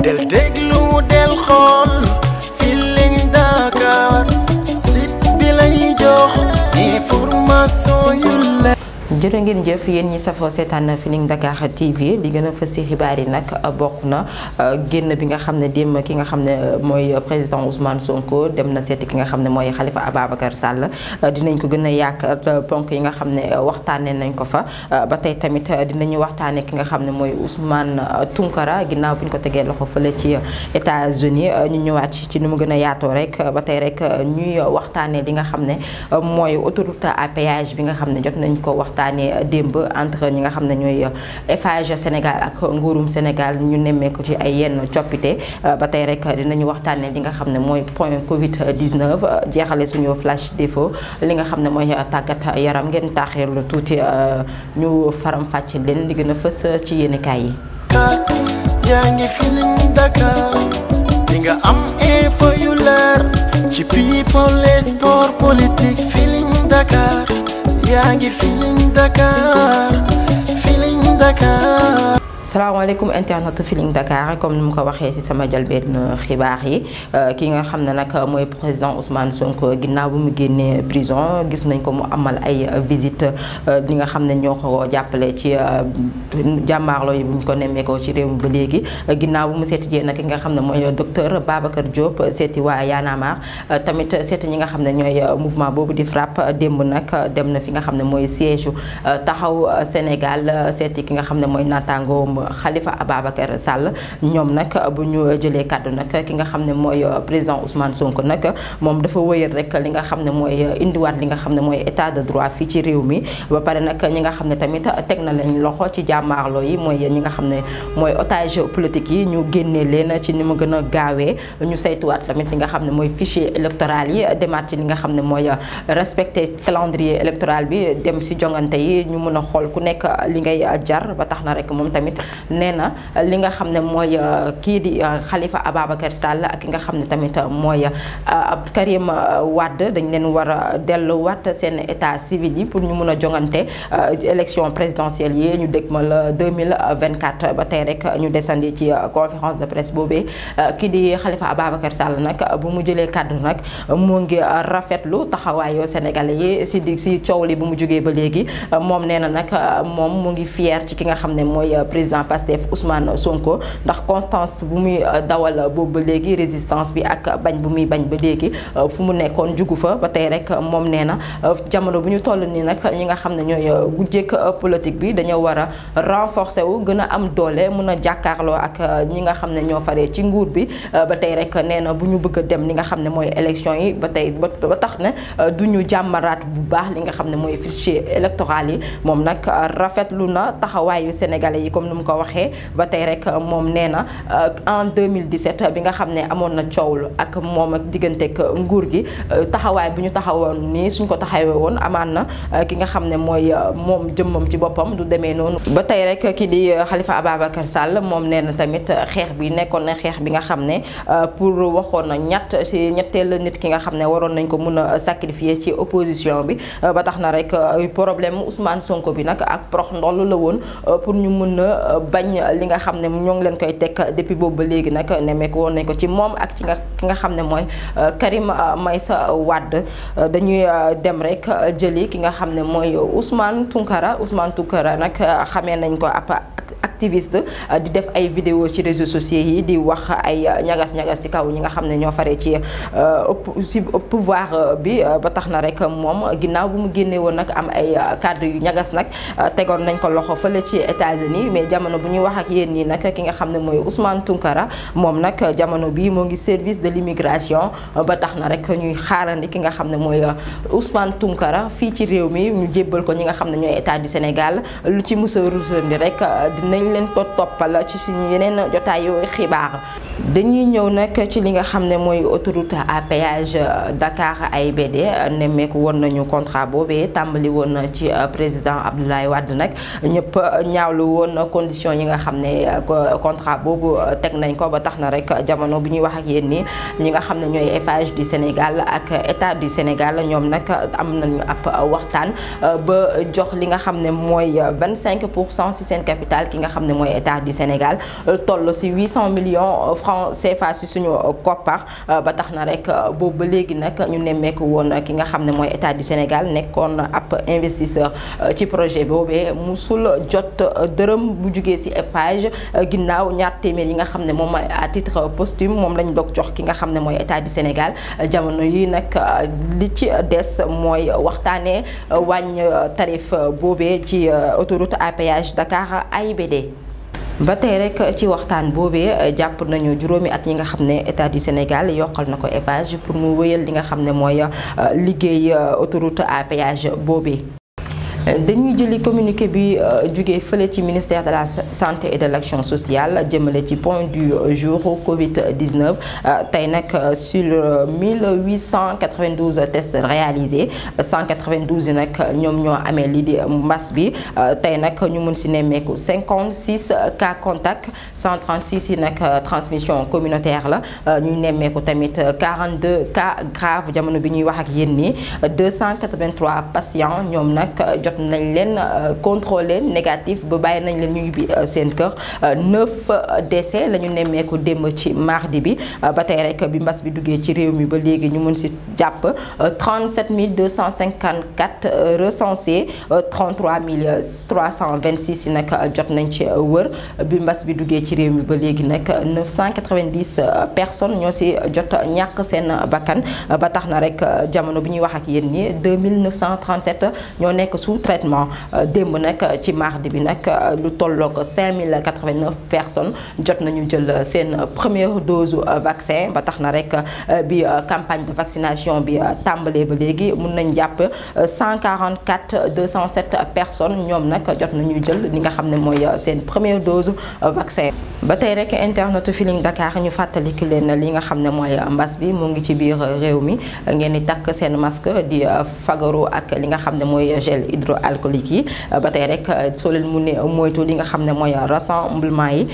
del déglu del xool Feeling Dakar site bi lay jox information jërë ngeen jëf yéen ñi safoo seetaan Feeling Dakar TV li gën a fës ci xibaar yi nag bokk na euh, génn bi nga xam ne démb ki nga xam ne euh, mooy président Ousmane Sonko dem na seeti ki nga xam ne mooy Khalifa Ababacar Sall euh, dinañ ko gën a yàq ponk yi nga xam ne waxtaanee nañ ko fa ba tey tamit dinañu waxtaanee ki nga xam ne mooy Ousmane Tunkara ginnaaw bi ñu ko tegee loxo fële ci États-Unis ñu ñëwaat ci nu mu gën a yaatoo rek ba tey rek ñuy waxtaanee li nga xam ne mooy autoroute à bi nga xam ne jot nañ ko waxtaan waxtaanee démb entre ñi nga xam ne ñooy Eiffage Sénégal ak nguurum senegal ñu nemmeeku ci ay yenn coppite euh, ba tey rek dinañu waxtaanee li nga xam ne mooy point Covid 19 jeexale suñu flash défaut li nga xam ne mooy tàggat yaram ngeen taaxeerlu tuuti euh, ñu faram fàcc leen li gën a fës ci yéenekaay yi. yaa ngi Feeling Dakar di nga am info yu leer ci people sport politique Feeling Dakar. yaa ngi Feeling Dakar Feeling Dakar salaamaaleykum internetu Feeling Dakar comme ni mu ko waxee ci sama jalbeen xibaax yi euh, ki nga xam ne nag mooy président Ousmane Sonko ginnaaw bu mu génnee prison gis nañ ko mu amal ay visite di euh, nga xam ne ñoo ko jàppale ci euh, jàmmaarloo yi bu ko nemmeekoo ci réew mi ba léegi ginnaaw mu seeti jee nag ki nga xam ne mooy docteur Babacar Diop seeti waa Y'en tamit seeti ñi nga xam ne ñooy mouvement boobu di frap démb nag dem na fi nga xam ne mooy siège Taxawu Sénégal seeti ki nga xam ne mooy naataango moom Khalifa Ababacar Sall ñoom nag bu ñu jëlee kàddu nak ki nga xam ne mooy président Ousmane Sonko nag moom dafa wëyal rek li nga xam ne mooy indiwaat li nga xam ne mooy état de fii ci réew mi ba pare nag ñi nga xam ne tamit teg na lañ loxo ci jàmmaarloo yi mooy ñi nga xam ne mooy otage politique yi ñu génnee leen ci ni ma gën a gaawee ñu saytuwaat tamit li nga xam ne mooy fichier électoral yi demaat ci li nga xam ne mooy respecté calendrier électoral bi dem si jongante yi ñu mën a xool ku nekk li ngay jar ba tax na rek moom tamit nee na li nga xam ne mooy euh, kii di euh, Khalifa Ababacar sàll ak ki nga xam ne tamit euh, mooy Karim Wade dañ leen war a delluwaat seen état civil yi pour ñu mun a jongante élection présidentielle yi ñu dégmal 2024 ba tey rek ñu desandi ci conférence de presse kii di Khalifa Ababacar Sall nag bu mu jëlee kàddu nag mu ngi rafetlu taxawaayu Sénégalais yi si di si coow li bu mu jógee ba léegi moom nee na nag moom mu ngi fier ci ki nga xam ne mooy président président Pastef Ousmane Sonko ndax constance bu muy euh, dawal boobu ba léegi résistance bi ak bañ bu muy bañ ba léegi euh, fu mu nekkoon jugu fa ba tey rek moom nee na euh, jamono bu ñu toll nii nag ñi nga xam ne ñooy gujjéeg politique bi dañoo war a renforcer wu gën a am doole mën a jàkkaarloo ak ñi nga xam ne ñoo faree ci nguur bi ba tey rek nee na bu ñu bëgg a dem li nga xam ne mooy élection yi ba tey ba tax ne duñu ñu bu baax li nga xam ne mooy fichier électoral yi moom nag rafetlu na taxawaayu sénégalais yi comme mu ko waxee ba tey rek moom nee na euh, en 2017 bi nga xam ne amoon na coow lu ak moom ak digganteeg nguur gi euh, taxawaay bu ñu taxawoon nii suñ ko taxawee woon amaan na euh, ki nga xam ne mooy moom jëmmam ci boppam du demee noonu. ba tey rek ki di Khalifa Ababacar Sall moom nee na tamit xeex bi nekkoon na xeex bi nga xam ne pour waxoon na ñett si ñetteel nit ki nga xam ne waroon nañ ko mun a sacrifier ci opposition bi ba tax na rek problème Ousmane Sonko bi nag ak bañ li nga xam ne ñoo ngi leen koy tekk depuis boobu ba léegi nag nemmeeku woon nañ ko ci moom ak ci nga ki nga xam ne mooy euh, may euh, sa Wade euh, dañuy dem rek jëli ki nga xam ne mooy Ousmane Tounkara Ousmane Tounkara nag xamee nañ ko ab activiste euh, di def ay vidéo ci réseau sociaux yi di wax ay euh, ñagas ñagas ci kaw ñi nga xam ne ñoo faree ci euh, ci pouvoir bi ba tax na rek moom ginnaaw bu mu génnee woon nag am ay kàddu yu ñagas nag tegoon nañ ko loxo fële ci États-Unis mais jamono bu ñuy wax ak yéen nii nag ki nga xam ne mooy Ousmane Tounkara moom nag jamono bi moo ngi service de l'immigration ba tax na rek ñuy xaarandi ki nga xam ne mooy usman Tounkara fii ci réew mi ñu jébbal ko ñi nga xam ne ñooy état du Sénégal dinañ leen ko toppal ci suñu yeneen jotaayu xibaar dañuy ñëw nag ci li nga xam ne mooy autoroute à dakaar Dakar AIBD nemmeeku woon nañu contrat boobee tàmbali woon ci président Abdoulaye wàdd nag ñëpp ñaawlu woon condition yi nga xam ne contrat boobu teg nañ ko ba tax na rek jamono bi ñuy wax ak yéen ni ñi nga xam ne ñooy Eiffage du Sénégal ak état du Sénégal ñoom nag am nañu ab waxtaan ba jox li nga xam ne mooy 25 pour cent ci seen capital ki nga xam ne mooy état du Sénégal euh, toll si 800 millions euh, francs CFA si suñu euh, koppar ba tax na rek boobu ba léegi nag ñu nemmeeku woon ki nga xam ne mooy état du Sénégal nekkoon ab investisseur ci projet boobee musul jot dërëm bu jugee si Eiffage ginnaaw ñaar téeméer yi nga xam ne moom mooy à titre posthume moom lañ doog jox ki nga xam ne mooy état du Sénégal jamono yi nag li ci des mooy waxtaanee wàññ tarif boobee ci autoroute à péage Dakar AIBD ba tey rek ci waxtaan boobee jàpp nañu juróomi at yi nga xam ne état du Sénégal yokkal na ko Eiffage pour mu wéyal li nga xam ne mooy liggéey autoroute à péage boobee. dañuy jëli communiqué bi euh, jugee fële ci ministère de la santé et de l'action sociale jëmale ci point du euh, jour Covid 19 euh, tey nag sur 1892 tests réalisés 192 yi nag ñoom ñoo amee lii di mbas bi tey nag ñu mun si nemmeeku 56 cas contact 136 yi nag transmission communautaire la ñuy nemmeeku tamit 42 cas grave jamono bi ñuy wax ak yéen nii 283 patients ñoom nag jot nañ leen euh, contrôlé négatif ba bàyyi nañ leen ñu bi euh, seen kër euh, neuf décès la ñu nemmeeku démb ci mardi bi ba tey rek bi mbas bi duggee ci réew mi ba léegi ñu mën si jàpp 37 254 recensés 33 326 yi nag jot nañ ci wër bi mbas bi duggee ci réew mi ba léegi nag 990 personnes ñoo si jot ñàkk seen bakkan ba tax na rek jamono bi ñuy wax ak yéen nii 2937 ñoo nekk sous traitement euh, démb nag euh, ci mardi bi nag euh, lu tolloog 5089 personnes jot nañu jël seen première dose vaccin ba tax na rek bi campagne de vaccination bi tàmbalee ba léegi mun nañ jàpp 144 207 personnes ñoom nag jot nañu jël li nga xam ne mooy seen première dose vaccin ba tey rek internetu Feeling Dakar ñu fàttaliku leen li nga xam ne mooy mbas bi mu ngi ci biir réew mi ngeen di takk seen masque di fagaru ak li nga xam ne mooy gel boto alcoolique yi euh, ba tey rek euh, soo leen mu ne moytu li nga xam ne mooy euh, rassemblement yi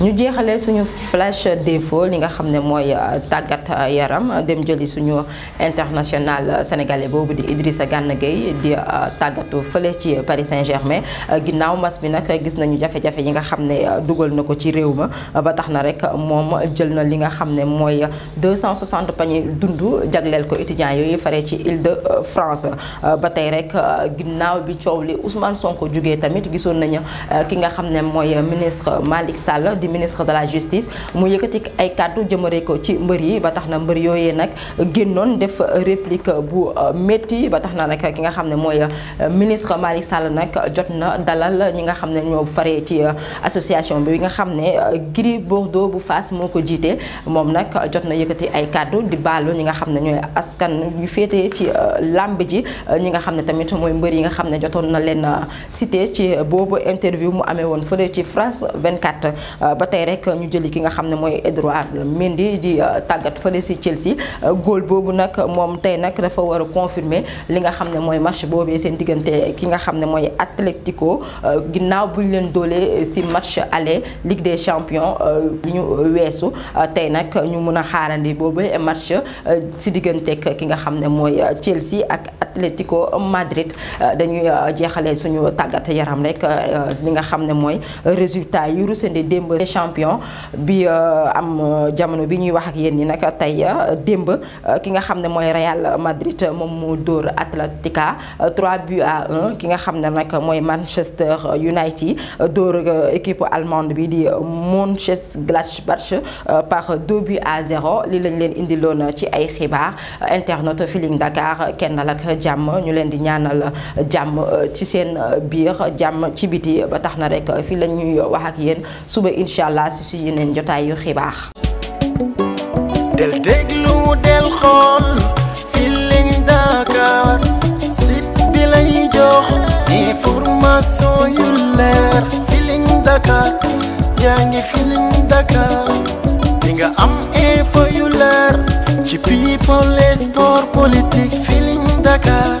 ñu jeexalee suñu flash d'info li nga xam ne mooy tàggat yaram dem jëli suñu international sénégalais boobu di Idrissa Gana Gueye di tàggatu fële ci Paris Saint-Germain ginnaaw mbas bi nag gis nañu jafe-jafe yi nga xam ne dugal na ko ci réew ma ba tax na rek moom jël na li nga xam ne mooy 260 panier dund jagleel ko étudiants yooyu faree ci Île de France ba tey rek ginnaaw ginnaaw bi coow li Ousmane Sonko jugee tamit gisoon nañu euh, ki nga xam ne mooy ministre Malick Sall di ministre de la justice mu yëkkati ay kàddu jëmare ko ci mbër yi ba tax na mbër yooyee nag génnoon def réplique bu euh, métti ba tax na nag ki nga xam ne mooy euh, ministre Malick Sall nag jot na dalal ñi nga xam ne ñoo faree ci association bi nga xam ne Gris Bordeaux bu Fass moo ko jiite moom nag jot na yëkkati ay kàddu di baalu ñi nga xam ne ñooy askan yu féetee xam jotoon na leen euh, cité ci boobu interview mu amee woon fële ci France 24 euh, ba tey rek ñu jëli ki nga xam ne mooy Edouard Mendy di euh, tàggat fële si Chelsea góol boobu nag moom tey nag dafa war a confirmer li nga xam ne mooy match boobee seen diggante ki nga xam ne mooy Atlético ginnaaw buñ leen doolee si match aller Ligue des Champions li ñu weesu tey nag ñu mun a xaarandi boobu match si digganteeg ki nga xam ne mooy Chelsea ak Atlético Madrid dañuy euh, jeexalee suñu tàggat yaram rek euh, euh, li nga xam ne mooy résultat yi rusande démb champion bi am jamono bi ñuy wax ak yéen ñi nag tey démb ki nga xam ne mooy Real Madrid moom moo dóor Atletica 3 buts à ki nga xam ne nag mooy Manchester United dóor équipe allemande bi di Mönchengladbach par 2 buts à 0 li lañ leen indiloon ci ay xibaar internet Feeling Dakar kenn la ak jàmm ñu leen di ñaanal jàmm euh, ci seen euh, biir jàmm ci biti ba tax na rek euh, fii la ñuy wax ak yéen incha allah si yeneen jotaayu xibaar. del déglu del xool Feeling Dakar site bi lay jox information yu leer Feeling Dakar yaa ngi Feeling Dakar di am info yu leer ci people sport politique Feeling Dakar.